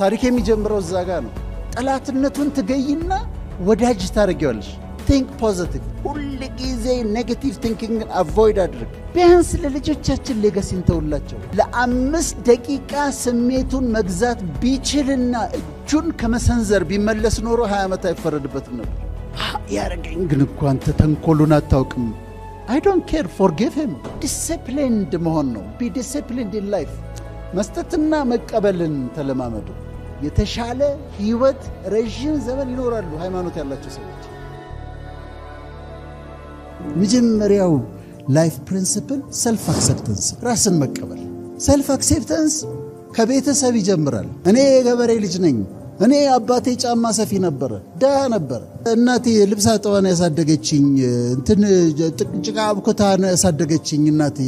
ታሪክ የሚጀምረው እዛ ጋር ነው። ጠላትነቱን ትገይና ወዳጅ ታደርጊዋለሽ። ቲንክ ፖዘቲቭ፣ ሁል ጊዜ ኔጌቲቭ ቲንኪንግን አቮይድ አድርግ። ቢያንስ ለልጆቻችን ሌገሲን ተውላቸው ለአምስት ደቂቃ ስሜቱን መግዛት ቢችልና እጁን ከመሰንዘር ቢመለስ ኖሮ ሀያ ዓመት አይፈረድበትም ነበር። ያረገኝ ግን እኮ አንተ ተንኮሉን አታውቅም። አይ ዶንት ኬር ፎርጊቭ ሂም። ዲስፕሊንድ መሆን ነው። ቢ ኢን ላይፍ መስጠትና መቀበልን ተለማመዱ። የተሻለ ህይወት ረዥም ዘመን ይኖራሉ ሃይማኖት ያላቸው ሰዎች። መጀመሪያው ላይፍ ፕሪንስፕል ሰልፍ አክሰፕተንስ ራስን መቀበል። ሰልፍ አክሴፕተንስ ከቤተሰብ ይጀምራል። እኔ የገበሬ ልጅ ነኝ። እኔ አባቴ ጫማ ሰፊ ነበረ፣ ድሃ ነበረ። እናቴ ልብስ አጠዋን ያሳደገችኝ፣ እንትን ጭቃ አብኩታ ያሳደገችኝ፣ እናቴ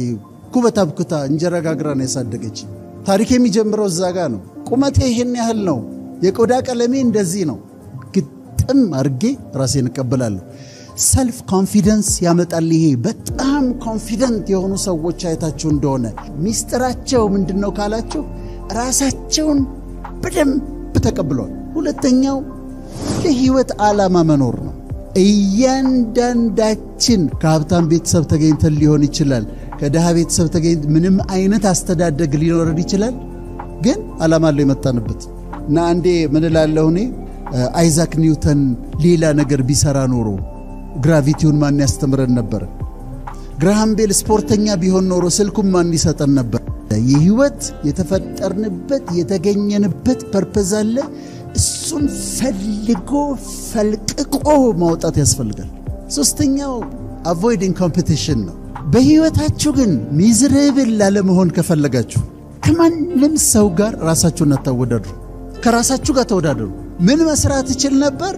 ኩበት አብኩታ እንጀራ ጋግራ ያሳደገችኝ። ታሪክ የሚጀምረው እዛ ጋ ነው። ቁመቴ ይህን ያህል ነው፣ የቆዳ ቀለሜ እንደዚህ ነው፣ ግጥም አድርጌ ራሴን እቀበላለሁ። ሰልፍ ኮንፊደንስ ያመጣል። ይሄ በጣም ኮንፊደንት የሆኑ ሰዎች አይታችሁ እንደሆነ ሚስጥራቸው ምንድን ነው ካላችሁ ራሳቸውን በደንብ ተቀብለዋል። ሁለተኛው የህይወት ዓላማ መኖር ነው። እያንዳንዳችን ከሀብታም ቤተሰብ ተገኝተን ሊሆን ይችላል። ከድሃ ቤተሰብ ተገኝ ምንም አይነት አስተዳደግ ሊኖረን ይችላል። ግን አላማ አለው የመጣንበት እና አንዴ ምን እላለሁ እኔ አይዛክ ኒውተን ሌላ ነገር ቢሰራ ኖሮ ግራቪቲውን ማን ያስተምረን ነበር? ግራሃም ቤል ስፖርተኛ ቢሆን ኖሮ ስልኩን ማን ይሰጠን ነበር? የህይወት የተፈጠርንበት የተገኘንበት ፐርፐዝ አለ። እሱም ፈልጎ ፈልቅቆ ማውጣት ያስፈልጋል። ሶስተኛው አቮይድንግ ኮምፒቲሽን ነው። በህይወታችሁ ግን ሚዝርብል ላለመሆን ከፈለጋችሁ ከማንም ሰው ጋር ራሳችሁን አታወዳድሩ። ከራሳችሁ ጋር ተወዳደሩ። ምን መስራት እችል ነበር?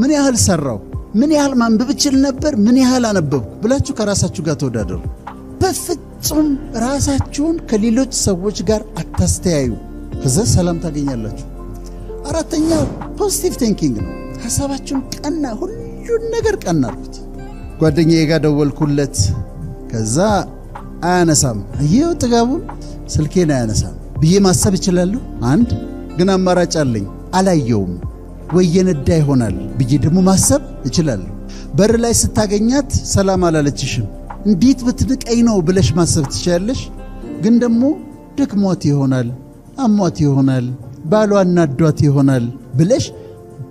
ምን ያህል ሰራው? ምን ያህል ማንበብ እችል ነበር? ምን ያህል አነበብኩ? ብላችሁ ከራሳችሁ ጋር ተወዳደሩ። በፍጹም ራሳችሁን ከሌሎች ሰዎች ጋር አታስተያዩ። ከዛ ሰላም ታገኛላችሁ። አራተኛ ፖዚቲቭ ቲንኪንግ ነው። ሀሳባችሁን ቀና፣ ሁሉን ነገር ቀና አድርጉት። ጓደኛዬ ጋር ደወልኩለት፣ ከዛ አያነሳም። አየው ጥጋቡን ስልኬን አያነሳም ብዬ ማሰብ እችላለሁ። አንድ ግን አማራጭ አለኝ፣ አላየውም ወይ የነዳ ይሆናል ብዬ ደግሞ ማሰብ እችላለሁ። በር ላይ ስታገኛት ሰላም አላለችሽም፣ እንዴት ብትንቀኝ ነው ብለሽ ማሰብ ትችላለሽ። ግን ደግሞ ደክሟት ይሆናል፣ አሟት ይሆናል፣ ባሏ እናዷት ይሆናል ብለሽ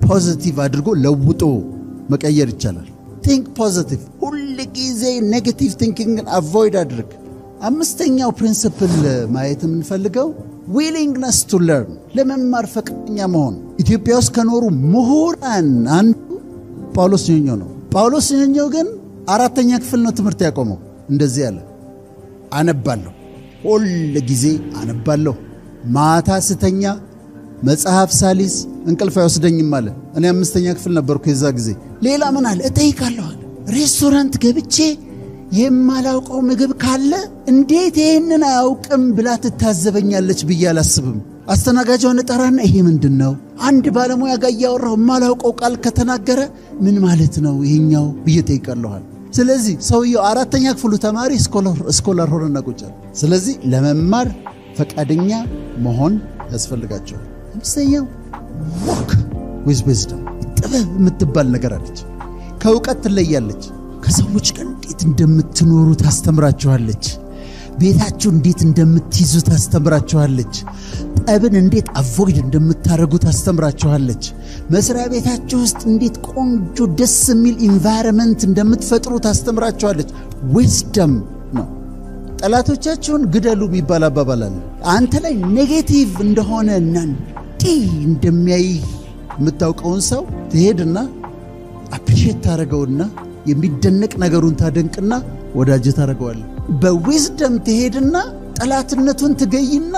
ፖዚቲቭ አድርጎ ለውጦ መቀየር ይቻላል። ቲንክ ፖዚቲቭ። ሁል ጊዜ ኔጌቲቭ ቲንኪንግን አቮይድ አድርግ። አምስተኛው ፕሪንስፕል ማየት የምንፈልገው ዊሊንግነስ ቱ ለርን ለመማር ፈቃደኛ መሆን። ኢትዮጵያ ውስጥ ከኖሩ ምሁራን አንዱ ጳውሎስ ኞኞ ነው። ጳውሎስ ኞኞ ግን አራተኛ ክፍል ነው ትምህርት ያቆመው። እንደዚህ ያለ አነባለሁ፣ ሁል ጊዜ አነባለሁ፣ ማታ ስተኛ መጽሐፍ ሳሊስ እንቅልፍ አይወስደኝም አለ። እኔ አምስተኛ ክፍል ነበርኩ የዛ ጊዜ። ሌላ ምን አለ? እጠይቃለሁ አለ። ሬስቶራንት ገብቼ የማላውቀው ምግብ ካለ እንዴት ይህንን አያውቅም ብላ ትታዘበኛለች ብዬ አላስብም። አስተናጋጇን እጠራና ይሄ ምንድን ነው? አንድ ባለሙያ ጋር እያወራሁ የማላውቀው ቃል ከተናገረ ምን ማለት ነው ይሄኛው ብዬ ጠይቀለኋል። ስለዚህ ሰውየው አራተኛ ክፍሉ ተማሪ ስኮላር ሆነና ቁጫል። ስለዚህ ለመማር ፈቃደኛ መሆን ያስፈልጋቸዋል። አምስተኛው ወክ ዊዝ ዊዝደም ጥበብ የምትባል ነገር አለች። ከእውቀት ትለያለች። ከሰዎች ግን እንዴት እንደምትኖሩ ታስተምራችኋለች። ቤታችሁ እንዴት እንደምትይዙ ታስተምራችኋለች። ጠብን እንዴት አቮይድ እንደምታደርጉ ታስተምራችኋለች። መስሪያ ቤታችሁ ውስጥ እንዴት ቆንጆ ደስ የሚል ኢንቫይረመንት እንደምትፈጥሩ ታስተምራችኋለች። ዊዝደም ነው። ጠላቶቻችሁን ግደሉ የሚባል አባባል አለ። አንተ ላይ ኔጌቲቭ እንደሆነ እና እንዲህ እንደሚያይ የምታውቀውን ሰው ትሄድና አፕሪሼት ታደረገውና የሚደነቅ ነገሩን ታደንቅና ወዳጅ ታደርገዋለህ። በዊዝደም ትሄድና ጠላትነቱን ትገይና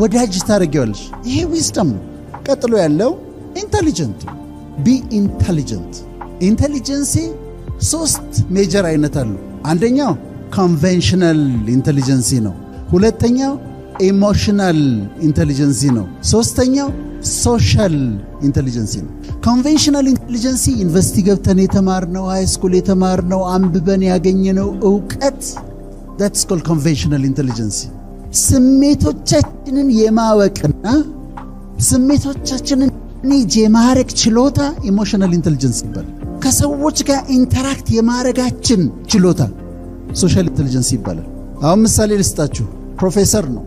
ወዳጅ ታደርገዋለች። ይሄ ዊዝደም ነው። ቀጥሎ ያለው ኢንቴሊጀንት ቢ ኢንቴሊጀንት። ኢንቴሊጀንሲ ሶስት ሜጀር አይነት አሉ። አንደኛው ኮንቬንሽናል ኢንቴሊጀንሲ ነው። ሁለተኛው ኢሞሽናል ኢንቴሊጀንሲ ነው። ሶስተኛው ሶሻል ኢንቴሊጀንሲ ነው። ኮንቬንሽናል ኢንቴሊጀንሲ ዩኒቨርሲቲ ገብተን የተማርነው ሃይስኩል የተማርነው አንብበን ያገኘነው እውቀት ዳትስ ኮል ኮንቬንሽናል ኢንቴሊጀንሲ። ስሜቶቻችንን የማወቅና ስሜቶቻችንን ኔጅ የማረግ ችሎታ ኢሞሽናል ኢንቴሊጀንስ ይባላል። ከሰዎች ጋር ኢንተራክት የማድረጋችን ችሎታ ሶሻል ኢንቴሊጀንስ ይባላል። አሁን ምሳሌ ልስጣችሁ። ፕሮፌሰር ነው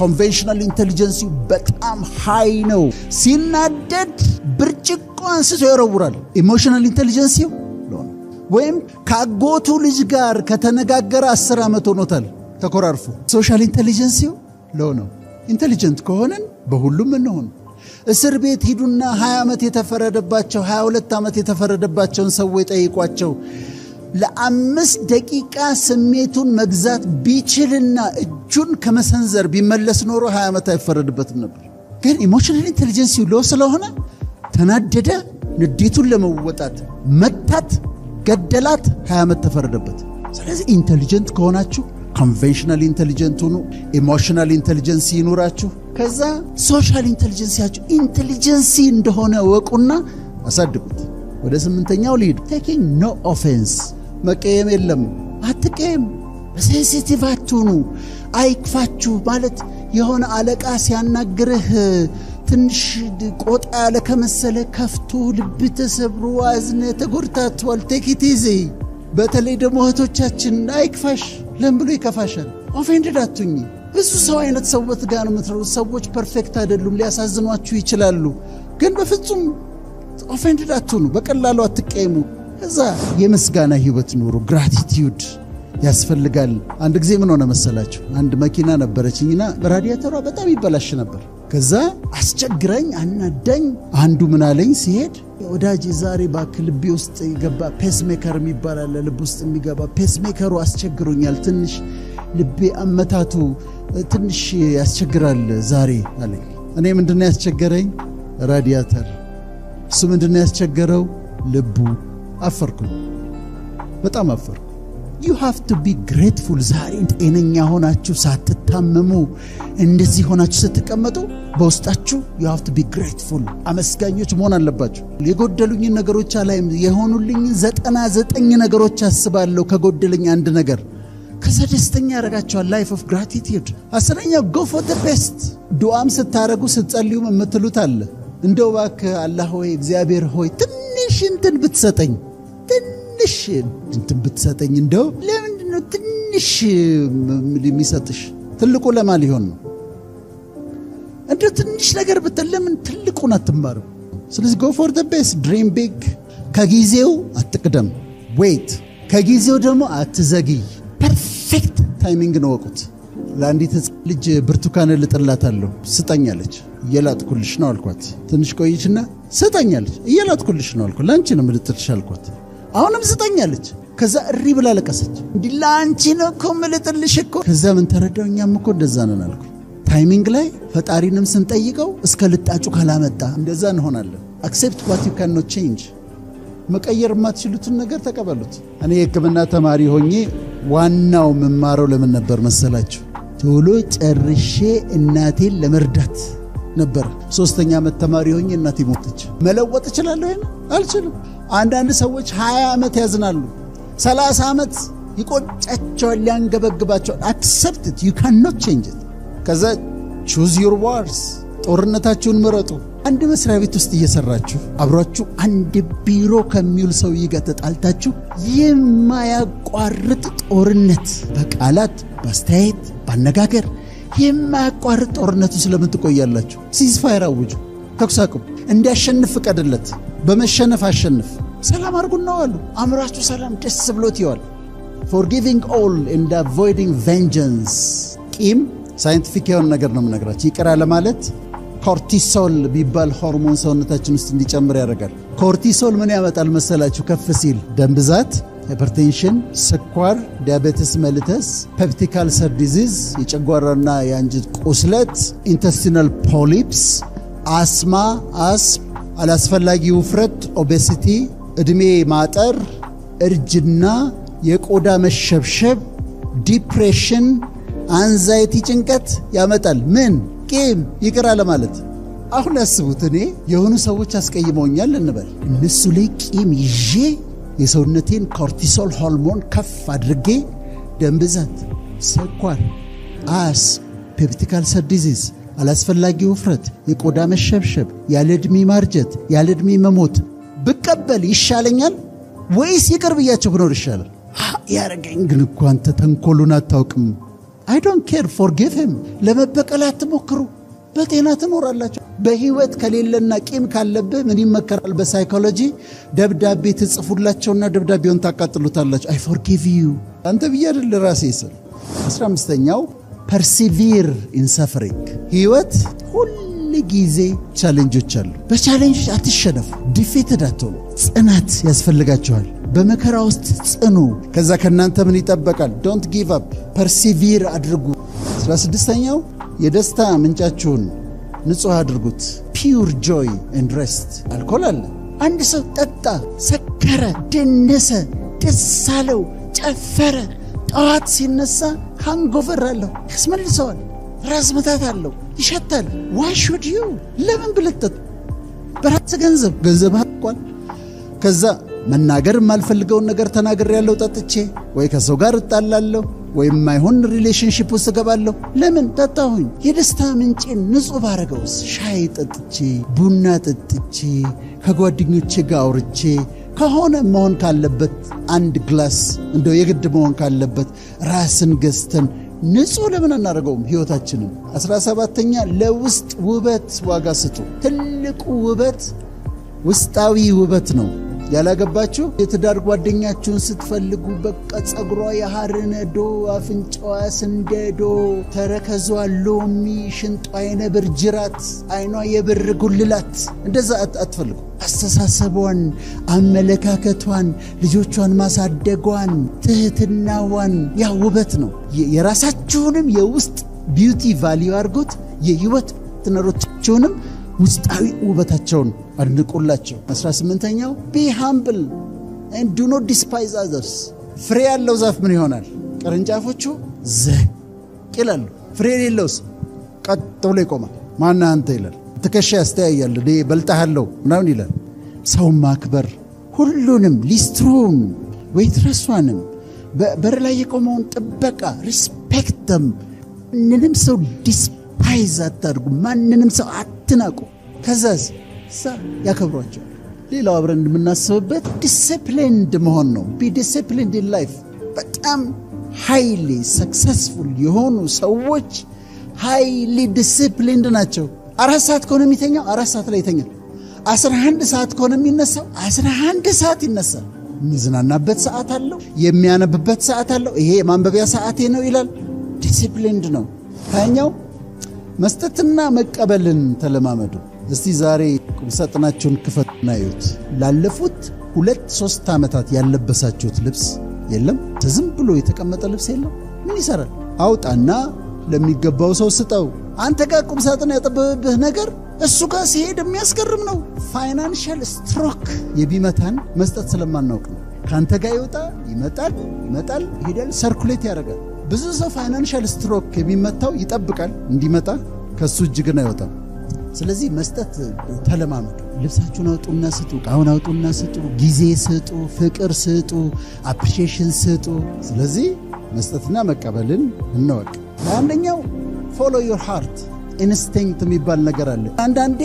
ኮንቬንሽናል ኢንቴሊጀንሲ በጣም ሀይ ነው። ሲናደድ ብርጭቆ አንስቶ ይወረውራል። ኢሞሽናል ኢንቴሊጀንሲ ወይም ከአጎቱ ልጅ ጋር ከተነጋገረ አስር ዓመት ሆኖታል ተኮራርፎ። ሶሻል ኢንቴሊጀንሲ ሎው ነው። ኢንቴሊጀንት ከሆነን በሁሉም እንሆን። እስር ቤት ሂዱና 20 ዓመት የተፈረደባቸው 22 ዓመት የተፈረደባቸውን ሰዎች ጠይቋቸው። ለአምስት ደቂቃ ስሜቱን መግዛት ቢችልና እጁን ከመሰንዘር ቢመለስ ኖሮ ሀያ ዓመት አይፈረድበትም ነበር። ግን ኢሞሽናል ኢንቴሊጀንስ ሎ ስለሆነ ተናደደ። ንዴቱን ለመወጣት መታት፣ ገደላት፣ ሀያ ዓመት ተፈረደበት። ስለዚህ ኢንቴሊጀንት ከሆናችሁ ኮንቬንሽናል ኢንቴሊጀንት ሁኑ። ኢሞሽናል ኢንቴሊጀንስ ይኑራችሁ። ከዛ ሶሻል ኢንቴሊጀንሲያችሁ ኢንቴሊጀንሲ እንደሆነ ወቁና አሳድጉት። ወደ ስምንተኛው ልሂድ። ቴኪንግ ኖ ኦፌንስ መቀየም የለም። አትቀየም። በሴንሲቲቭ አትሁኑ። አይክፋችሁ ማለት የሆነ አለቃ ሲያናግርህ ትንሽ ቆጣ ያለ ከመሰለ ከፍቶ ልብ ተሰብሮ አዝነ ተጎድታቷል። ቴኪት ይዚ በተለይ ደግሞ እህቶቻችን አይክፋሽ። ለም ብሎ ይከፋሻል። ኦፌንድድ አትሁኝ። ብዙ ሰው አይነት ሰውበት ጋር ነው የምትኖሩት። ሰዎች ፐርፌክት አይደሉም፣ ሊያሳዝኗችሁ ይችላሉ። ግን በፍጹም ኦፌንድድ አትሁኑ። በቀላሉ አትቀይሙ። እዛ የምስጋና ህይወት ኑሩ። ግራቲቲዩድ ያስፈልጋል። አንድ ጊዜ ምን ሆነ መሰላችሁ? አንድ መኪና ነበረችኝና በራዲያተሯ በጣም ይበላሽ ነበር። ከዛ አስቸግረኝ አናዳኝ። አንዱ ምናለኝ ሲሄድ ወዳጅ ዛሬ ባክ ልቤ ውስጥ የገባ ፔስሜከር የሚባል አለ፣ ልብ ውስጥ የሚገባ ፔስሜከሩ አስቸግሮኛል፣ ትንሽ ልቤ አመታቱ ትንሽ ያስቸግራል ዛሬ አለኝ። እኔ ምንድነው ያስቸገረኝ? ራዲያተር። እሱ ምንድነው ያስቸገረው? ልቡ አፈርኩ፣ በጣም አፈርኩ። ዩ ሃቭ ቱ ቢ ግሬትፉል። ዛሬ ጤነኛ ሆናችሁ ሳትታመሙ እንደዚህ ሆናችሁ ስትቀመጡ በውስጣችሁ ዩ ሃቭ ቱ ቢ ግሬትፉል፣ አመስጋኞች መሆን አለባችሁ። የጎደሉኝን ነገሮች አላይም፣ የሆኑልኝ ዘጠና ዘጠኝ ነገሮች አስባለሁ፣ ከጎደለኝ አንድ ነገር ከዛ ደስተኛ ላይፍ ኦፍ ግራቲቲዩድ። አስረኛው ጎ ፎር ዘ ቤስት። ዱዓም ስታደረጉ ስትጸልዩም የምትሉት አለ እንደው እባክህ አላህ ሆይ እግዚአብሔር ሆይ ትንሽ እንትን ብትሰጠኝ ትንሽ እንትን ብትሰጠኝ እንደው ለምንድን ነው ትንሽ የሚሰጥሽ? ትልቁ ለማ ሊሆን ነው እንደ ትንሽ ነገር ብትል ለምን ትልቁን አትማርም? ስለዚህ ጎ ፎር ደ ቤስት ድሪም ቢግ። ከጊዜው አትቅደም፣ ዌይት። ከጊዜው ደግሞ አትዘግይ። ፐርፌክት ታይሚንግ ነው ወቁት። ለአንዲት ልጅ ብርቱካን ልጥላታለሁ ስጠኛለች። እየላጥኩልሽ ነው አልኳት። ትንሽ ቆይችና ስጠኛለች። እየላጥኩልሽ ነው አልኳት። ለአንቺ ነው ምልጥልሽ አልኳት። አሁንም ስጠኛለች። ከዛ እሪ ብላ ለቀሰች። እንዲህ ለአንቺ ነው እኮ ምልጥልሽ እኮ። ከዛ ምን ተረዳው፣ እኛም እኮ እንደዛ ነን አልኩ። ታይሚንግ ላይ ፈጣሪንም ስንጠይቀው እስከ ልጣጩ ካላመጣ እንደዛ እንሆናለን። አክሴፕት ዋት ዩ ካን ኖት ቼንጅ። መቀየር የማትችሉትን ነገር ተቀበሉት። እኔ የህክምና ተማሪ ሆኜ ዋናው መማረው ለምን ነበር መሰላችሁ? ቶሎ ጨርሼ እናቴን ለመርዳት ነበር ሶስተኛ ዓመት ተማሪ ሆኜ እናቴ ሞተች። መለወጥ እችላለሁ? አልችልም። አንዳንድ ሰዎች 20 ዓመት ያዝናሉ፣ 30 ዓመት ይቆጫቸዋል፣ ሊያንገበግባቸዋል። አክሰፕት ኢት ዩ ካን ኖት ቼንጅ ኢት። ከዛ ቹዝ ዩር ዋርስ፣ ጦርነታችሁን ምረጡ። አንድ መስሪያ ቤት ውስጥ እየሰራችሁ አብሯችሁ አንድ ቢሮ ከሚውል ሰውዬ ጋር ተጣልታችሁ የማያቋርጥ ጦርነት በቃላት በአስተያየት ባነጋገር የማያቋርጥ ጦርነቱ ስለምን ትቆያላችሁ? ሲዝፋየር አውጁ፣ ተኩስ አቁም። እንዲያሸንፍ ፍቀድለት። በመሸነፍ አሸንፍ። ሰላም አድርጉ ነው አሉ። አእምሯችሁ ሰላም ደስ ብሎት ይዋል። ፎርጊቪንግ ኦል ኤንድ አቮይዲንግ ቬንጀንስ። ቂም ሳይንቲፊክ የሆነ ነገር ነው የምነግራችሁ። ይቅር ለማለት ኮርቲሶል ቢባል ሆርሞን ሰውነታችን ውስጥ እንዲጨምር ያደርጋል። ኮርቲሶል ምን ያመጣል መሰላችሁ? ከፍ ሲል ደም ብዛት፣ ሃይፐርቴንሽን፣ ስኳር፣ ዲያቤትስ መልተስ፣ ፐፕቲካል ሰር ዲዚዝ፣ የጨጓራና የአንጀት ቁስለት፣ ኢንተስቲናል ፖሊፕስ፣ አስማ፣ አስ አላስፈላጊ ውፍረት ኦቤሲቲ፣ እድሜ ማጠር፣ እርጅና፣ የቆዳ መሸብሸብ፣ ዲፕሬሽን፣ አንዛይቲ፣ ጭንቀት ያመጣል። ምን ቂም ይቅር ማለት? አሁን ያስቡት፣ እኔ የሆኑ ሰዎች አስቀይመውኛል እንበል። እነሱ ላይ ቂም ይዤ የሰውነቴን ኮርቲሶል ሆርሞን ከፍ አድርጌ ደም ብዛት፣ ስኳር፣ አስ፣ ፔፕቲካል ሰር ዲዚዝ አላስፈላጊ ውፍረት፣ የቆዳ መሸብሸብ፣ ያለ ዕድሜ ማርጀት፣ ያለ ዕድሜ መሞት ብቀበል ይሻለኛል ወይስ ይቅር ብያቸው ብኖር ይሻላል? ያረገኝ ግን እኮ አንተ ተንኮሉን አታውቅም። አይ ዶንት ኬር ፎርጊቭ ሂም። ለመበቀል አትሞክሩ። በጤና ትኖራላቸው። በህይወት ከሌለና ቂም ካለብህ ምን ይመከራል? በሳይኮሎጂ ደብዳቤ ትጽፉላቸውና ደብዳቤውን ታቃጥሉታላቸው። አይ ፎርጊቭ ዩ አንተ ብዬ አይደል ራሴ ስል አስራ አምስተኛው ፐርሲቪር ኢን ሰፈሪንግ ህይወት ሁል ጊዜ ቻሌንጆች አሉ። በቻሌንጆች አትሸነፉ፣ ዲፌትድ አትሆኑ። ጽናት ያስፈልጋችኋል። በመከራ ውስጥ ጽኑ። ከዛ ከእናንተ ምን ይጠበቃል? ዶንት ጊቭ አፕ፣ ፐርሲቪር አድርጉ። አስራ ስድስተኛው የደስታ ምንጫችሁን ንጹህ አድርጉት። ፒውር ጆይ ኤንድ ሬስት። አልኮል አለ። አንድ ሰው ጠጣ፣ ሰከረ፣ ደነሰ፣ ደስ አለው፣ ጨፈረ ጠዋት ሲነሳ ሃንጎቨር አለው፣ ያስመልሰዋል፣ ራስ ምታት አለው፣ ይሸታል። ዋሹድ ዩ ለምን ብልጥጥ በራስ ገንዘብ ገንዘብ አቋል። ከዛ መናገር የማልፈልገውን ነገር ተናገር ያለው ጠጥቼ ወይ ከሰው ጋር እጣላለሁ ወይም የማይሆን ሪሌሽንሽፕ ውስጥ እገባለሁ። ለምን ጠጣሁኝ? የደስታ ምንጭን ንጹህ ባረገውስ ሻይ ጠጥቼ ቡና ጠጥቼ ከጓደኞቼ ጋር አውርቼ ከሆነ መሆን ካለበት አንድ ግላስ እንደው የግድ መሆን ካለበት ራስን ገዝተን ንጹህ ለምን አናደርገውም? ሕይወታችንን። አስራ ሰባተኛ ለውስጥ ውበት ዋጋ ስጡ። ትልቁ ውበት ውስጣዊ ውበት ነው። ያላገባችሁ የትዳር ጓደኛችሁን ስትፈልጉ በቃ ፀጉሯ የሐር ነዶ፣ አፍንጫዋ ስንደዶ፣ ተረከዟ ሎሚ፣ ሽንጧ የነብር ጅራት፣ አይኗ የብር ጉልላት፣ እንደዛ አትፈልጉ። አስተሳሰቧን፣ አመለካከቷን፣ ልጆቿን ማሳደጓን፣ ትህትናዋን ያ ውበት ነው። የራሳችሁንም የውስጥ ቢዩቲ ቫሊዩ አድርጎት የህይወት ትነሮቻችሁንም ውስጣዊ ውበታቸውን አድንቁላቸው አስራ ስምንተኛው ቢ ሃምብል ኤንድ ዱ ኖት ዲስፓይዝ አዘርስ። ፍሬ ያለው ዛፍ ምን ይሆናል? ቅርንጫፎቹ ዝቅ ይላሉ። ፍሬ የሌለውስ ቀጥ ብሎ ይቆማል። ማን አንተ ይላል። ትከሻ ያስተያያል። እኔ በልጣሃለሁ ምናምን ይላል። ሰውን ማክበር ሁሉንም፣ ሊስትሮውን፣ ዌይትረሷንም፣ በር ላይ የቆመውን ጥበቃ ሪስፔክት ደም ማንንም ሰው ዲስፓይዝ አታድርጉ። ማንንም ሰው አትናቁ። ከዛዝ ሳ ያከብሯቸው። ሌላው አብረን የምናስብበት ዲስፕሊንድ መሆን ነው። ቢ ዲስፕሊንድ ኢን ላይፍ። በጣም ሃይሊ ሰክሰስፉል የሆኑ ሰዎች ሃይሊ ዲስፕሊንድ ናቸው። አራት ሰዓት ከሆነ የሚተኛው አራት ሰዓት ላይ ይተኛል። አስራ አንድ ሰዓት ከሆነ የሚነሳው አስራ አንድ ሰዓት ይነሳል። የሚዝናናበት ሰዓት አለው፣ የሚያነብበት ሰዓት አለው። ይሄ የማንበቢያ ሰዓቴ ነው ይላል። ዲስፕሊንድ ነው ታኛው መስጠትና መቀበልን ተለማመዱ። እስቲ ዛሬ ቁምሳጥናችሁን ክፈቱና እዩት። ላለፉት ሁለት ሶስት ዓመታት ያለበሳችሁት ልብስ የለም? ተዝም ብሎ የተቀመጠ ልብስ የለም? ምን ይሰራል? አውጣና ለሚገባው ሰው ስጠው። አንተ ጋር ቁምሳጥን ያጠበበብህ ነገር እሱ ጋር ሲሄድ የሚያስገርም ነው። ፋይናንሻል ስትሮክ የቢመታን መስጠት ስለማናውቅ ነው። ከአንተ ጋር ይወጣ ይመጣል፣ ይመጣል፣ ሄደል ሰርኩሌት ያደርጋል። ብዙ ሰው ፋይናንሻል ስትሮክ የሚመታው ይጠብቃል እንዲመጣ ከሱ እጅ ግን አይወጣም። ስለዚህ መስጠት ተለማመዱ። ልብሳችሁን አውጡና ስጡ፣ እቃውን አውጡና ስጡ፣ ጊዜ ስጡ፣ ፍቅር ስጡ፣ አፕሪሽን ስጡ። ስለዚህ መስጠትና መቀበልን እንወቅ። አንደኛው ፎሎ ዮር ሃርት ኢንስቲንክት የሚባል ነገር አለ። አንዳንዴ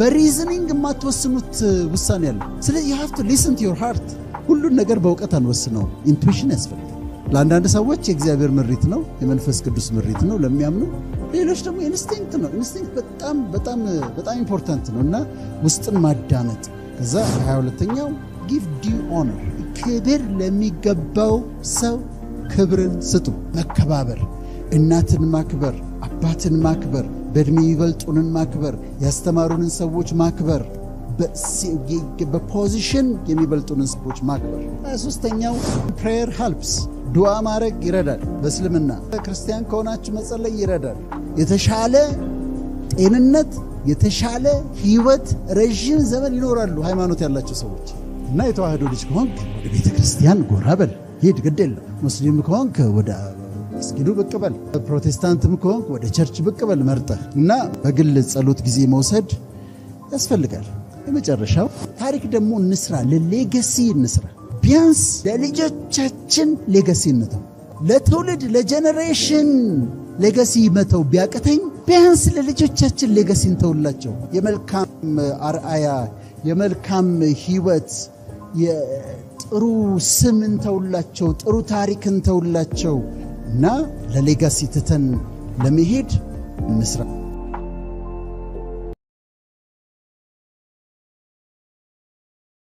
በሪዝኒንግ የማትወስኑት ውሳኔ አለ። ስለዚህ ሀፍቱ ሊስን ዮር ሃርት። ሁሉን ነገር በእውቀት አንወስነው፣ ኢንቱዊሽን ያስፈልጋል። ለአንዳንድ ሰዎች የእግዚአብሔር ምሪት ነው፣ የመንፈስ ቅዱስ ምሪት ነው ለሚያምኑ። ሌሎች ደግሞ ኢንስቲንክት ነው። ኢንስቲንክት በጣም በጣም በጣም ኢምፖርታንት ነው እና ውስጥን ማዳመጥ። ከዛ ሀያ ሁለተኛው ጊቭ ዲ ኦነር፣ ክብር ለሚገባው ሰው ክብርን ስጡ። መከባበር፣ እናትን ማክበር፣ አባትን ማክበር፣ በእድሜ ይበልጡንን ማክበር፣ ያስተማሩንን ሰዎች ማክበር በፖዚሽን የሚበልጡንን ሰዎች ማክበር። ሶስተኛው ፕሬየር ሀልፕስ ዱዓ ማድረግ ይረዳል። በእስልምና ክርስቲያን ከሆናችሁ መጸለይ ይረዳል። የተሻለ ጤንነት፣ የተሻለ ህይወት፣ ረዥም ዘመን ይኖራሉ ሃይማኖት ያላቸው ሰዎች እና የተዋህዶ ልጅ ከሆንክ ወደ ቤተ ክርስቲያን ጎራ በል ሂድ፣ ግድ የለም። ሙስሊም ከሆንክ ወደ መስጊዱ ብቅ በል፣ ፕሮቴስታንትም ከሆንክ ወደ ቸርች ብቅ በል መርጠህ እና በግል ጸሎት ጊዜ መውሰድ ያስፈልጋል። የመጨረሻው ታሪክ ደግሞ እንስራ፣ ለሌገሲ እንስራ። ቢያንስ ለልጆቻችን ሌጋሲ እንተው። ለትውልድ ለጀኔሬሽን ሌጋሲ መተው ቢያቅተኝ ቢያንስ ለልጆቻችን ሌጋሲ እንተውላቸው። የመልካም አርአያ፣ የመልካም ህይወት የጥሩ ስም እንተውላቸው፣ ጥሩ ታሪክ እንተውላቸው እና ለሌጋሲ ትተን ለመሄድ እንስራ።